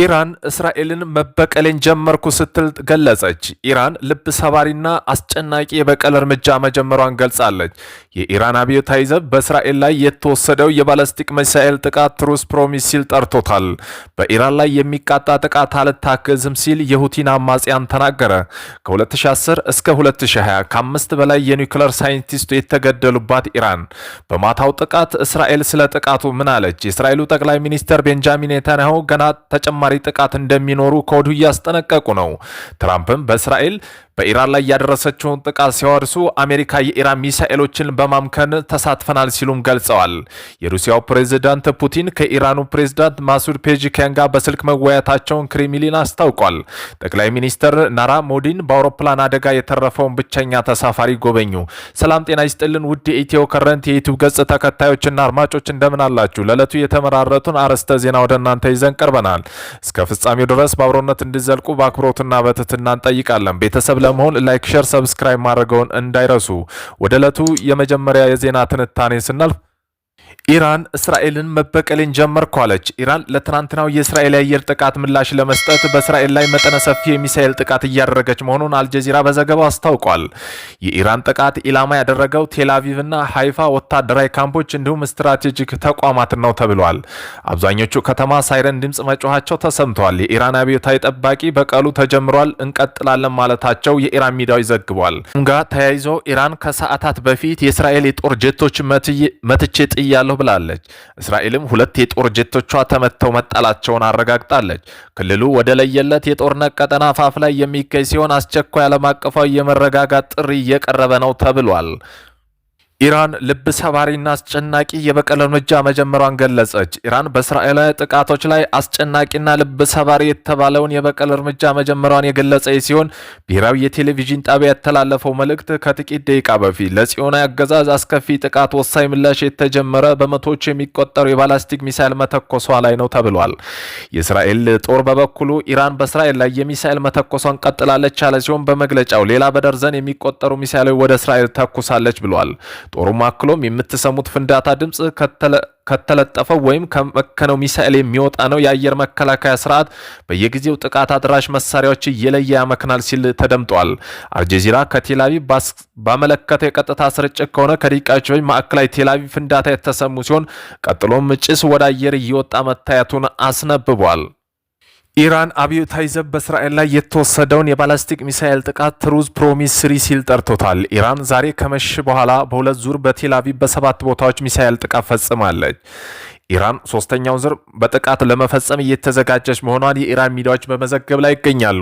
ኢራን እስራኤልን መበቀሌን ጀመርኩ ስትል ገለጸች። ኢራን ልብ ሰባሪና አስጨናቂ የበቀል እርምጃ መጀመሯን ገልጻለች። የኢራን አብዮታዊ ዘብ በእስራኤል ላይ የተወሰደው የባለስቲክ ሚሳኤል ጥቃት ትሩስ ፕሮሚስ ሲል ጠርቶታል። በኢራን ላይ የሚቃጣ ጥቃት አልታገዝም ሲል የሁቲን አማጽያን ተናገረ። ከ2010 እስከ 2020 ከአምስት በላይ የኒውክለር ሳይንቲስቱ የተገደሉባት ኢራን በማታው ጥቃት እስራኤል ስለ ጥቃቱ ምን አለች? የእስራኤሉ ጠቅላይ ሚኒስትር ቤንጃሚን ኔታንያሁ ገና ተጨማ ተጨማሪ ጥቃት እንደሚኖሩ ከወዲሁ እያስጠነቀቁ ነው። ትራምፕም በእስራኤል በኢራን ላይ ያደረሰችውን ጥቃት ሲያወርሱ አሜሪካ የኢራን ሚሳኤሎችን በማምከን ተሳትፈናል ሲሉም ገልጸዋል። የሩሲያው ፕሬዝዳንት ፑቲን ከኢራኑ ፕሬዝዳንት ማሱድ ፔጂኪያን ጋር በስልክ መወያየታቸውን ክሬምሊን አስታውቋል። ጠቅላይ ሚኒስትር ናራ ሞዲን በአውሮፕላን አደጋ የተረፈውን ብቸኛ ተሳፋሪ ጎበኙ። ሰላም ጤና ይስጥልን ውድ የኢትዮ ከረንት የዩቱብ ገጽ ተከታዮችና አድማጮች እንደምን አላችሁ? ለዕለቱ የተመራረቱን አርዕስተ ዜና ወደ እናንተ ይዘን ቀርበናል። እስከ ፍጻሜው ድረስ በአብሮነት እንዲዘልቁ በአክብሮትና በትትና እንጠይቃለን። ቤተሰብ ለመሆን ላይክ፣ ሸር፣ ሰብስክራይብ ማድረገውን እንዳይረሱ። ወደ ዕለቱ የመጀመሪያ የዜና ትንታኔ ስናልፍ ኢራን እስራኤልን መበቀልን ጀመርኩ አለች። ኢራን ለትናንትናው የእስራኤል የአየር ጥቃት ምላሽ ለመስጠት በእስራኤል ላይ መጠነ ሰፊ የሚሳኤል ጥቃት እያደረገች መሆኑን አልጀዚራ በዘገባው አስታውቋል። የኢራን ጥቃት ኢላማ ያደረገው እና ሃይፋ ወታደራዊ ካምፖች እንዲሁም ስትራቴጂክ ተቋማት ነው ተብሏል። አብዛኞቹ ከተማ ሳይረን ድምፅ መጮኋቸው ተሰምተዋል። የኢራን አብዮታዊ ጠባቂ በቀሉ ተጀምሯል፣ እንቀጥላለን ማለታቸው የኢራን ሚዲያው ይዘግቧል። ጋር ተያይዞ ኢራን ከሰዓታት በፊት የእስራኤል የጦር ጀቶች መትቼ ጥያ ተመትቻለሁ ብላለች። እስራኤልም ሁለት የጦር ጀቶቿ ተመተው መጣላቸውን አረጋግጣለች። ክልሉ ወደ ለየለት የጦርነት ቀጠና አፋፍ ላይ የሚገኝ ሲሆን አስቸኳይ ዓለም አቀፋዊ የመረጋጋት ጥሪ እየቀረበ ነው ተብሏል። ኢራን ልብ ሰባሪና አስጨናቂ የበቀል እርምጃ መጀመሯን ገለጸች። ኢራን በእስራኤላዊ ጥቃቶች ላይ አስጨናቂና ልብ ሰባሪ የተባለውን የበቀል እርምጃ መጀመሯን የገለጸች ሲሆን ብሔራዊ የቴሌቪዥን ጣቢያ ያተላለፈው መልእክት ከጥቂት ደቂቃ በፊት ለጽዮናዊ አገዛዝ አስከፊ ጥቃት ወሳኝ ምላሽ የተጀመረ በመቶዎች የሚቆጠሩ የባላስቲክ ሚሳይል መተኮሷ ላይ ነው ተብሏል። የእስራኤል ጦር በበኩሉ ኢራን በእስራኤል ላይ የሚሳይል መተኮሷን ቀጥላለች ያለ ሲሆን በመግለጫው ሌላ በደርዘን የሚቆጠሩ ሚሳይሎች ወደ እስራኤል ተኩሳለች ብሏል። ጦሩም አክሎም የምትሰሙት ፍንዳታ ድምፅ ከተለጠፈው ወይም ከመከነው ሚሳኤል የሚወጣ ነው። የአየር መከላከያ ስርዓት በየጊዜው ጥቃት አድራሽ መሳሪያዎች እየለየ ያመክናል ሲል ተደምጧል። አልጀዚራ ከቴላቪቭ ባመለከተ የቀጥታ ስርጭት ከሆነ ከደቂቃዎች ማዕከላዊ ቴላቪ ፍንዳታ የተሰሙ ሲሆን ቀጥሎም ጭስ ወደ አየር እየወጣ መታየቱን አስነብቧል። ኢራን አብዮታዊ ዘብ በእስራኤል ላይ የተወሰደውን የባላስቲክ ሚሳኤል ጥቃት ትሩዝ ስሪ ሲል ጠርቶታል። ኢራን ዛሬ ከመሽ በኋላ በሁለት ዙር በቴል አቪቭ በሰባት ቦታዎች ሚሳኤል ጥቃት ፈጽማለች። ኢራን ሶስተኛውን ዙር በጥቃት ለመፈጸም እየተዘጋጀች መሆኗን የኢራን ሚዲያዎች በመዘገብ ላይ ይገኛሉ።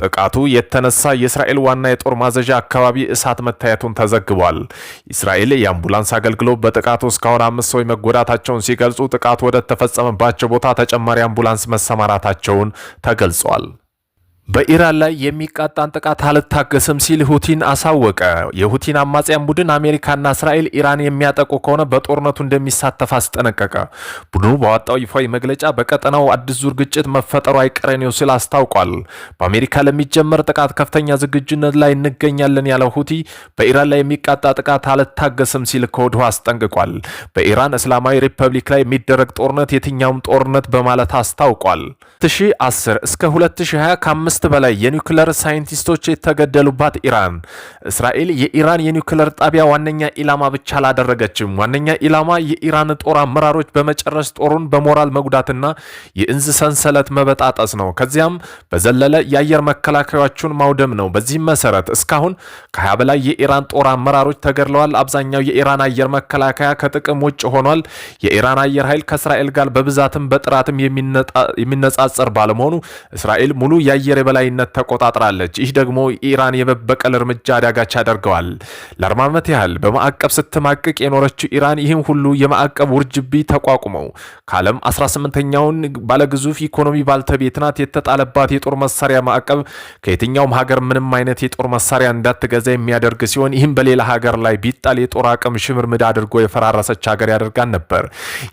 ጥቃቱ የተነሳ የእስራኤል ዋና የጦር ማዘዣ አካባቢ እሳት መታየቱን ተዘግቧል። እስራኤል የአምቡላንስ አገልግሎት በጥቃቱ እስካሁን አምስት ሰዎች መጎዳታቸውን ሲገልጹ ጥቃቱ ወደ ተፈጸመባቸው ቦታ ተጨማሪ አምቡላንስ መሰማራታቸውን ተገልጿል። በኢራን ላይ የሚቃጣን ጥቃት አልታገስም ሲል ሁቲን አሳወቀ። የሁቲን አማጽያን ቡድን አሜሪካና እስራኤል ኢራን የሚያጠቁ ከሆነ በጦርነቱ እንደሚሳተፍ አስጠነቀቀ። ቡድኑ ባወጣው ይፋዊ መግለጫ በቀጠናው አዲስ ዙር ግጭት መፈጠሩ አይቀሬ ነው ሲል አስታውቋል። በአሜሪካ ለሚጀመር ጥቃት ከፍተኛ ዝግጁነት ላይ እንገኛለን ያለው ሁቲ በኢራን ላይ የሚቃጣ ጥቃት አልታገስም ሲል ከወዲሁ አስጠንቅቋል። በኢራን እስላማዊ ሪፐብሊክ ላይ የሚደረግ ጦርነት የትኛውም ጦርነት በማለት አስታውቋል። 2010 እስከ 2020 ከአምስት በላይ የኒውክለር ሳይንቲስቶች የተገደሉባት ኢራን እስራኤል የኢራን የኒውክለር ጣቢያ ዋነኛ ኢላማ ብቻ አላደረገችም። ዋነኛ ኢላማ የኢራን ጦር አመራሮች በመጨረስ ጦሩን በሞራል መጉዳትና የእንዝ ሰንሰለት መበጣጠስ ነው። ከዚያም በዘለለ የአየር መከላከያዎቹን ማውደም ነው። በዚህም መሰረት እስካሁን ከሀያ በላይ የኢራን ጦር አመራሮች ተገድለዋል። አብዛኛው የኢራን አየር መከላከያ ከጥቅም ውጭ ሆኗል። የኢራን አየር ኃይል ከእስራኤል ጋር በብዛትም በጥራትም የሚነጻጸር ባለመሆኑ እስራኤል ሙሉ የአየር የበላይነት ተቆጣጥራለች። ይህ ደግሞ ኢራን የመበቀል እርምጃ አዳጋች ያደርገዋል። ለአርባ ዓመት ያህል በማዕቀብ ስትማቅቅ የኖረችው ኢራን ይህን ሁሉ የማዕቀብ ውርጅቢ ተቋቁመው ከዓለም 18ኛውን ባለግዙፍ ኢኮኖሚ ባልተቤት ናት። የተጣለባት የጦር መሳሪያ ማዕቀብ ከየትኛውም ሀገር ምንም አይነት የጦር መሳሪያ እንዳትገዛ የሚያደርግ ሲሆን ይህም በሌላ ሀገር ላይ ቢጣል የጦር አቅም ሽምርምድ አድርጎ የፈራረሰች ሀገር ያደርጋል ነበር።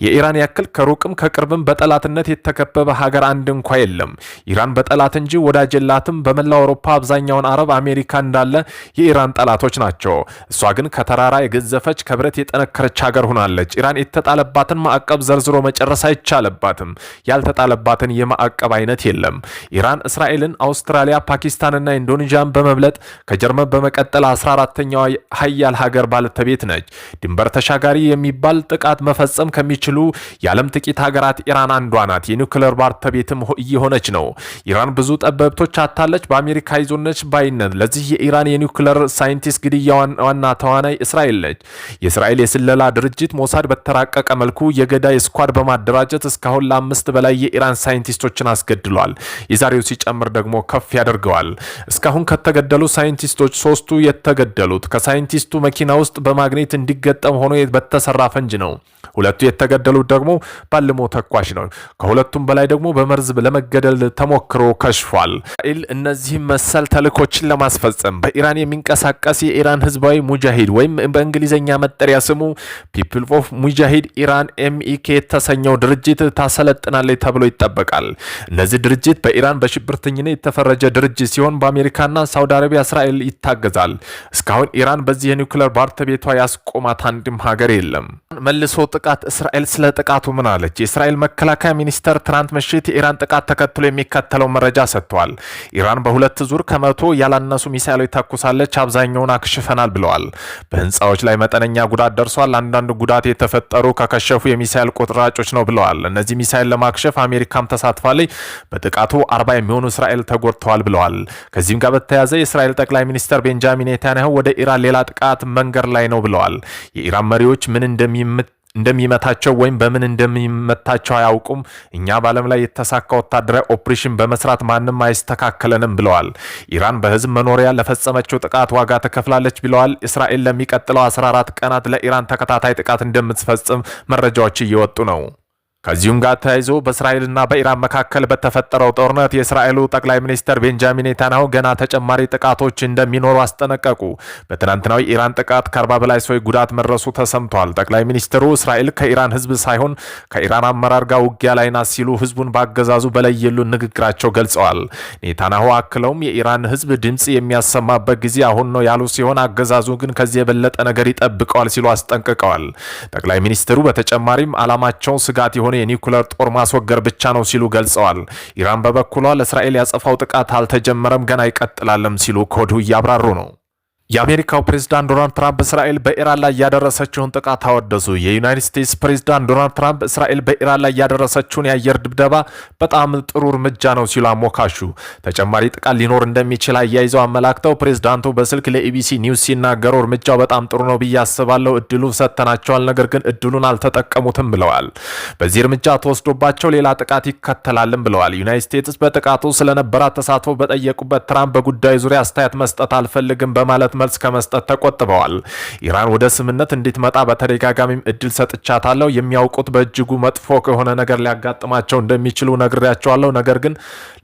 የኢራን ያክል ከሩቅም ከቅርብም በጠላትነት የተከበበ ሀገር አንድ እንኳ የለም። ኢራን በጠላት እንጂ ወደ ወዳጅ የላትም። በመላው አውሮፓ አብዛኛውን አረብ አሜሪካ እንዳለ የኢራን ጠላቶች ናቸው። እሷ ግን ከተራራ የገዘፈች ከብረት የጠነከረች ሀገር ሆናለች። ኢራን የተጣለባትን ማዕቀብ ዘርዝሮ መጨረስ አይቻልባትም። ያልተጣለባትን የማዕቀብ አይነት የለም። ኢራን እስራኤልን፣ አውስትራሊያ፣ ፓኪስታንና ኢንዶኔዥያን በመብለጥ ከጀርመን በመቀጠል 14ተኛዋ ሀያል ሀገር ባለቤት ነች። ድንበር ተሻጋሪ የሚባል ጥቃት መፈጸም ከሚችሉ የዓለም ጥቂት ሀገራት ኢራን አንዷ ናት። የኒውክለር ባለቤትም እየሆነች ነው። ኢራን ብዙ ጠበብ መብቶች አታለች፣ በአሜሪካ ይዞነች ባይነት ለዚህ የኢራን የኒውክለር ሳይንቲስት ግድያ ዋና ተዋናይ እስራኤል ነች። የእስራኤል የስለላ ድርጅት ሞሳድ በተራቀቀ መልኩ የገዳይ ስኳድ በማደራጀት እስካሁን ለአምስት በላይ የኢራን ሳይንቲስቶችን አስገድሏል። የዛሬው ሲጨምር ደግሞ ከፍ ያደርገዋል። እስካሁን ከተገደሉ ሳይንቲስቶች ሶስቱ የተገደሉት ከሳይንቲስቱ መኪና ውስጥ በማግኔት እንዲገጠም ሆኖ በተሰራ ፈንጅ ነው። ሁለቱ የተገደሉት ደግሞ ባልሞ ተኳሽ ነው። ከሁለቱም በላይ ደግሞ በመርዝ ለመገደል ተሞክሮ ከሽፏል። ኢል እነዚህ መሰል ተልእኮችን ለማስፈጸም በኢራን የሚንቀሳቀስ የኢራን ህዝባዊ ሙጃሂድ ወይም በእንግሊዝኛ መጠሪያ ስሙ ፒፕል ኦፍ ሙጃሂድ ኢራን ኤምኢኬ የተሰኘው ድርጅት ታሰለጥናለች ተብሎ ይጠበቃል። እነዚህ ድርጅት በኢራን በሽብርተኝነት የተፈረጀ ድርጅት ሲሆን በአሜሪካና ሳውዲ አረቢያ፣ እስራኤል ይታገዛል። እስካሁን ኢራን በዚህ የኒውክሌር ባለቤቷ ያስቆማት አንድም ሀገር የለም። መልሶ ጥቃት እስራኤል ስለ ጥቃቱ ምን አለች? የእስራኤል መከላከያ ሚኒስተር ትናንት ምሽት የኢራን ጥቃት ተከትሎ የሚከተለው መረጃ ሰጥቷል። ተናግረዋል። ኢራን በሁለት ዙር ከመቶ ያላነሱ ሚሳይሎች ተኩሳለች፣ አብዛኛውን አክሽፈናል ብለዋል። በህንፃዎች ላይ መጠነኛ ጉዳት ደርሷል። አንዳንድ ጉዳት የተፈጠሩ ከከሸፉ የሚሳይል ቁጥራጮች ነው ብለዋል። እነዚህ ሚሳይል ለማክሸፍ አሜሪካም ተሳትፋለች። በጥቃቱ አርባ የሚሆኑ እስራኤል ተጎድተዋል ብለዋል። ከዚህም ጋር በተያያዘ የእስራኤል ጠቅላይ ሚኒስትር ቤንጃሚን ኔታንያሁ ወደ ኢራን ሌላ ጥቃት መንገድ ላይ ነው ብለዋል። የኢራን መሪዎች ምን እንደሚምት እንደሚመታቸው ወይም በምን እንደሚመታቸው አያውቁም። እኛ በዓለም ላይ የተሳካ ወታደራዊ ኦፕሬሽን በመስራት ማንም አይስተካከለንም ብለዋል። ኢራን በህዝብ መኖሪያ ለፈጸመችው ጥቃት ዋጋ ተከፍላለች ብለዋል። እስራኤል ለሚቀጥለው 14 ቀናት ለኢራን ተከታታይ ጥቃት እንደምትፈጽም መረጃዎች እየወጡ ነው። ከዚሁም ጋር ተያይዞ በእስራኤልና በኢራን መካከል በተፈጠረው ጦርነት የእስራኤሉ ጠቅላይ ሚኒስትር ቤንጃሚን ኔታንያሁ ገና ተጨማሪ ጥቃቶች እንደሚኖሩ አስጠነቀቁ። በትናንትናዊ ኢራን ጥቃት ከአርባ በላይ ሰዎች ጉዳት መድረሱ ተሰምቷል። ጠቅላይ ሚኒስትሩ እስራኤል ከኢራን ሕዝብ ሳይሆን ከኢራን አመራር ጋር ውጊያ ላይ ናት ሲሉ ሕዝቡን በአገዛዙ በላይ የሉ ንግግራቸው ገልጸዋል። ኔታንያሁ አክለውም የኢራን ሕዝብ ድምፅ የሚያሰማበት ጊዜ አሁን ነው ያሉ ሲሆን አገዛዙ ግን ከዚህ የበለጠ ነገር ይጠብቀዋል ሲሉ አስጠንቅቀዋል። ጠቅላይ ሚኒስትሩ በተጨማሪም ዓላማቸው ስጋት የሆነ ያለውን የኒኩለር ጦር ማስወገድ ብቻ ነው ሲሉ ገልጸዋል። ኢራን በበኩሏ ለእስራኤል ያጸፋው ጥቃት አልተጀመረም፣ ገና ይቀጥላለም ሲሉ ኮዱ እያብራሩ ነው። የአሜሪካው ፕሬዝዳንት ዶናልድ ትራምፕ እስራኤል በኢራን ላይ ያደረሰችውን ጥቃት አወደሱ። የዩናይትድ ስቴትስ ፕሬዝዳንት ዶናልድ ትራምፕ እስራኤል በኢራን ላይ ያደረሰችውን የአየር ድብደባ በጣም ጥሩ እርምጃ ነው ሲሉ አሞካሹ። ተጨማሪ ጥቃት ሊኖር እንደሚችል አያይዘው አመላክተው ፕሬዝዳንቱ በስልክ ለኢቢሲ ኒውስ ሲናገሩ እርምጃው በጣም ጥሩ ነው ብዬ አስባለሁ፣ እድሉ ሰጥተናቸዋል፣ ነገር ግን እድሉን አልተጠቀሙትም ብለዋል። በዚህ እርምጃ ተወስዶባቸው ሌላ ጥቃት ይከተላልም ብለዋል። ዩናይትድ ስቴትስ በጥቃቱ ስለነበራት ተሳትፎ በጠየቁበት ትራምፕ በጉዳዩ ዙሪያ አስተያየት መስጠት አልፈልግም በማለት መልስ ከመስጠት ተቆጥበዋል። ኢራን ወደ ስምነት እንድትመጣ በተደጋጋሚም እድል ሰጥቻታለሁ። የሚያውቁት በእጅጉ መጥፎ ከሆነ ነገር ሊያጋጥማቸው እንደሚችሉ ነግሬያቸዋለሁ። ነገር ግን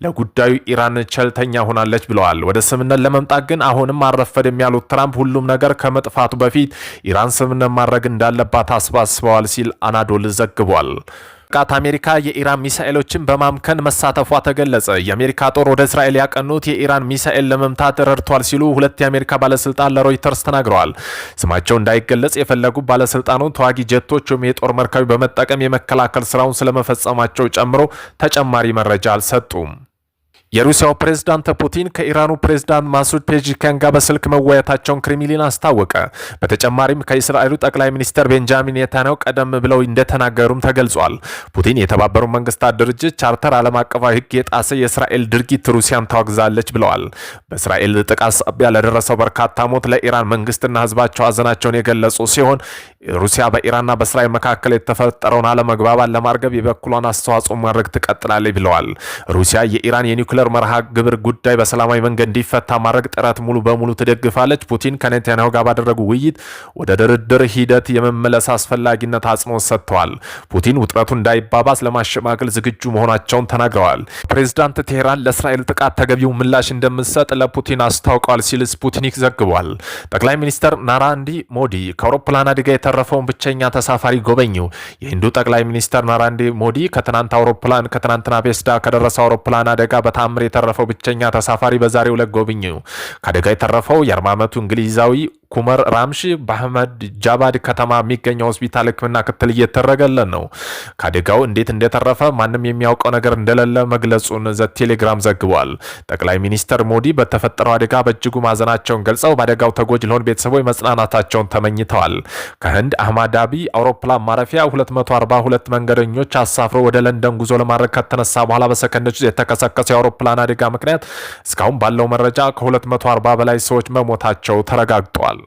ለጉዳዩ ኢራን ቸልተኛ ሆናለች ብለዋል። ወደ ስምነት ለመምጣት ግን አሁንም አልረፈድም ያሉት ትራምፕ ሁሉም ነገር ከመጥፋቱ በፊት ኢራን ስምነት ማድረግ እንዳለባት አስባስበዋል ሲል አናዶል ዘግቧል። ጥቃት አሜሪካ የኢራን ሚሳኤሎችን በማምከን መሳተፏ ተገለጸ። የአሜሪካ ጦር ወደ እስራኤል ያቀኑት የኢራን ሚሳኤል ለመምታት ረድቷል ሲሉ ሁለት የአሜሪካ ባለስልጣን ለሮይተርስ ተናግረዋል። ስማቸው እንዳይገለጽ የፈለጉ ባለስልጣኑ ተዋጊ ጀቶች ወይም የጦር መርካቢ በመጠቀም የመከላከል ስራውን ስለመፈጸማቸው ጨምሮ ተጨማሪ መረጃ አልሰጡም። የሩሲያው ፕሬዝዳንት ፑቲን ከኢራኑ ፕሬዝዳንት ማሱድ ፔጂካን ጋር በስልክ መወያየታቸውን ክሬምሊን አስታወቀ። በተጨማሪም ከእስራኤሉ ጠቅላይ ሚኒስትር ቤንጃሚን ኔታንያሁ ቀደም ብለው እንደተናገሩም ተገልጿል። ፑቲን የተባበሩ መንግስታት ድርጅት ቻርተር ዓለም አቀፋዊ ሕግ የጣሰ የእስራኤል ድርጊት ሩሲያን ታወግዛለች ብለዋል። በእስራኤል ጥቃት ሳቢያ ለደረሰው በርካታ ሞት ለኢራን መንግስትና ህዝባቸው ሀዘናቸውን የገለጹ ሲሆን ሩሲያ በኢራንና በእስራኤል መካከል የተፈጠረውን አለመግባባት ለማርገብ የበኩሏን አስተዋጽኦ ማድረግ ትቀጥላለች ብለዋል። ሩሲያ የኢራን የኒውክሌ የኒውክሌር መርሃ ግብር ጉዳይ በሰላማዊ መንገድ እንዲፈታ ማድረግ ጥረት ሙሉ በሙሉ ትደግፋለች። ፑቲን ከኔታንያሁ ጋር ባደረጉ ውይይት ወደ ድርድር ሂደት የመመለስ አስፈላጊነት አጽንኦት ሰጥተዋል። ፑቲን ውጥረቱ እንዳይባባስ ለማሸማቀል ዝግጁ መሆናቸውን ተናግረዋል። ፕሬዚዳንት ቴሄራን ለእስራኤል ጥቃት ተገቢው ምላሽ እንደምትሰጥ ለፑቲን አስታውቀዋል ሲል ስፑትኒክ ዘግቧል። ጠቅላይ ሚኒስትር ናራንዲ ሞዲ ከአውሮፕላን አደጋ የተረፈውን ብቸኛ ተሳፋሪ ጎበኙ። የሂንዱ ጠቅላይ ሚኒስትር ናራንዲ ሞዲ ከትናንት አውሮፕላን ከትናንትና ቤስዳ ከደረሰ አውሮፕላን አደጋ በታ ተአምር የተረፈው ብቸኛ ተሳፋሪ በዛሬው ዕለት ጎብኝ ከአደጋ የተረፈው የ40 ዓመቱ እንግሊዛዊ ኩመር ራምሺ በአህመድ ጃባድ ከተማ የሚገኘው ሆስፒታል ሕክምና ክትል እየተረገለን ነው። ከአደጋው እንዴት እንደተረፈ ማንም የሚያውቀው ነገር እንደሌለ መግለጹን ዘ ቴሌግራም ዘግቧል። ጠቅላይ ሚኒስትር ሞዲ በተፈጠረው አደጋ በእጅጉ ማዘናቸውን ገልጸው በአደጋው ተጎጂ ለሆኑ ቤተሰቦች መጽናናታቸውን ተመኝተዋል። ከህንድ አህማዳቢ አውሮፕላን ማረፊያ 242 መንገደኞች አሳፍሮ ወደ ለንደን ጉዞ ለማድረግ ከተነሳ በኋላ በሰከንዶች የተከሰከሰው የአውሮፕላን አደጋ ምክንያት እስካሁን ባለው መረጃ ከ240 በላይ ሰዎች መሞታቸው ተረጋግጧል።